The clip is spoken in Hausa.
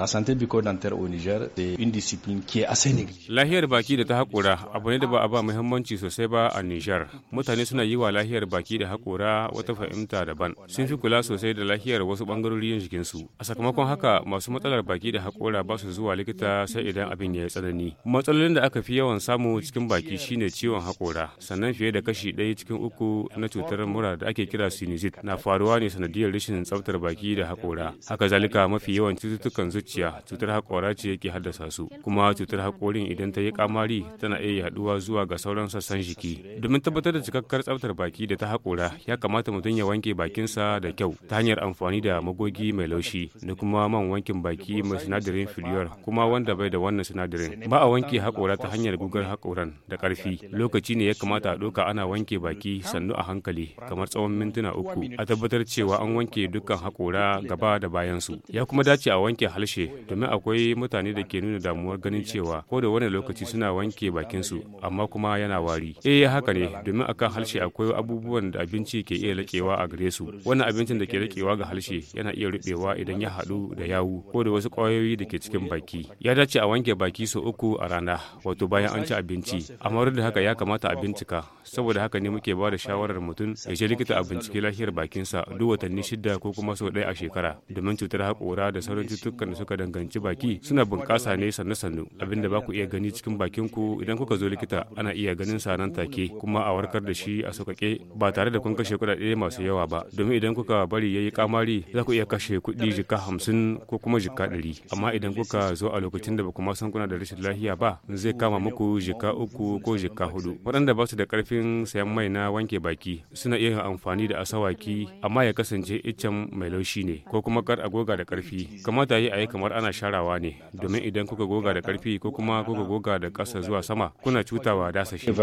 La santé bucco-dentaire au Niger est une discipline qui est assez négligée. Lahiyar baki da ta haƙora abu ne da ba a ba muhimmanci sosai ba a Niger. Mutane suna yi wa lahiyar baki da haƙora wata fahimta daban. Sun fi kula sosai da lahiyar wasu ɓangarorin jikinsu. A sakamakon haka masu matsalar baki da haƙora ba su zuwa likita sai idan abin ya yi tsanani. Matsalolin da aka fi yawan samu cikin baki shine ciwon haƙora, sannan fiye da kashi ɗaya cikin uku na cutar mura da ake kira sinusit na faruwa ne sanadiyar rashin tsaftar baki da haƙora. Haka zalika mafi yawan cututtukan zuciya zuciya cutar haƙora ce yake haddasa su kuma cutar haƙorin idan ta yi kamari tana iya yaɗuwa zuwa ga sauran sassan jiki domin tabbatar da cikakkar tsaftar baki da ta haƙora ya kamata mutum ya wanke bakinsa da kyau ta hanyar amfani da magogi mai laushi da kuma man wankin baki mai sinadarin filiyor kuma wanda bai da wannan sinadarin ba a wanke haƙora ta hanyar gugar haƙoran da ƙarfi lokaci ne ya kamata a ɗauka ana wanke baki sannu a hankali kamar tsawon mintuna uku a tabbatar cewa an wanke dukkan haƙora gaba da bayansu ya kuma dace a wanke halshe ce domin akwai mutane da ke nuna damuwar ganin cewa ko da wani lokaci suna wanke bakinsu amma kuma yana wari. Eh haka ne domin akan harshe akwai abubuwan da abinci ke iya laƙewa a gare su. Wannan abincin da ke laƙewa ga harshe yana iya ruɓewa idan ya haɗu da yawu ko da wasu ƙwayoyi da ke cikin baki. Ya dace a wanke baki sau uku a rana wato bayan an ci abinci. Amma duk da haka ya kamata a bincika saboda haka ne muke ba da shawarar mutum ya je likita a bincike lafiyar bakinsa duk watanni shida ko kuma sau ɗaya a shekara domin cutar haƙora da sauran cututtukan suka danganci baki suna bunƙasa ne sannu-sannu abinda ba ku iya gani cikin bakin ku idan kuka zo likita ana iya ganin sa nan take kuma a warkar da shi a sauƙaƙe ba tare da kun kashe kuɗaɗe masu yawa ba domin idan kuka bari ya yi kamari za ku iya kashe kuɗi jika hamsin ko kuma jika ɗari amma idan kuka zo a lokacin da ba ku san kuna da rashin lafiya ba zai kama muku jika uku ko jika hudu waɗanda ba su da ƙarfin sayan mai na wanke baki suna iya amfani da asawaki amma ya kasance iccen mai laushi ne ko kuma kar a goga da ƙarfi kamata yi a yi kamar ana sharawa ne domin idan kuka goga da karfi ko kuma kuka goga da ƙasa zuwa sama kuna cutawa dasashi.